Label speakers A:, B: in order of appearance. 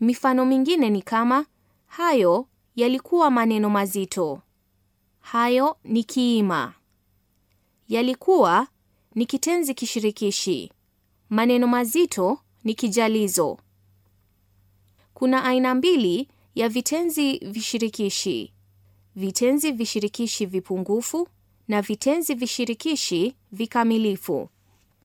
A: Mifano mingine ni kama hayo yalikuwa maneno mazito, hayo ni kiima. Yalikuwa ni kitenzi kishirikishi, maneno mazito ni kijalizo. Kuna aina mbili ya vitenzi vishirikishi: vitenzi vishirikishi vipungufu na vitenzi vishirikishi vikamilifu.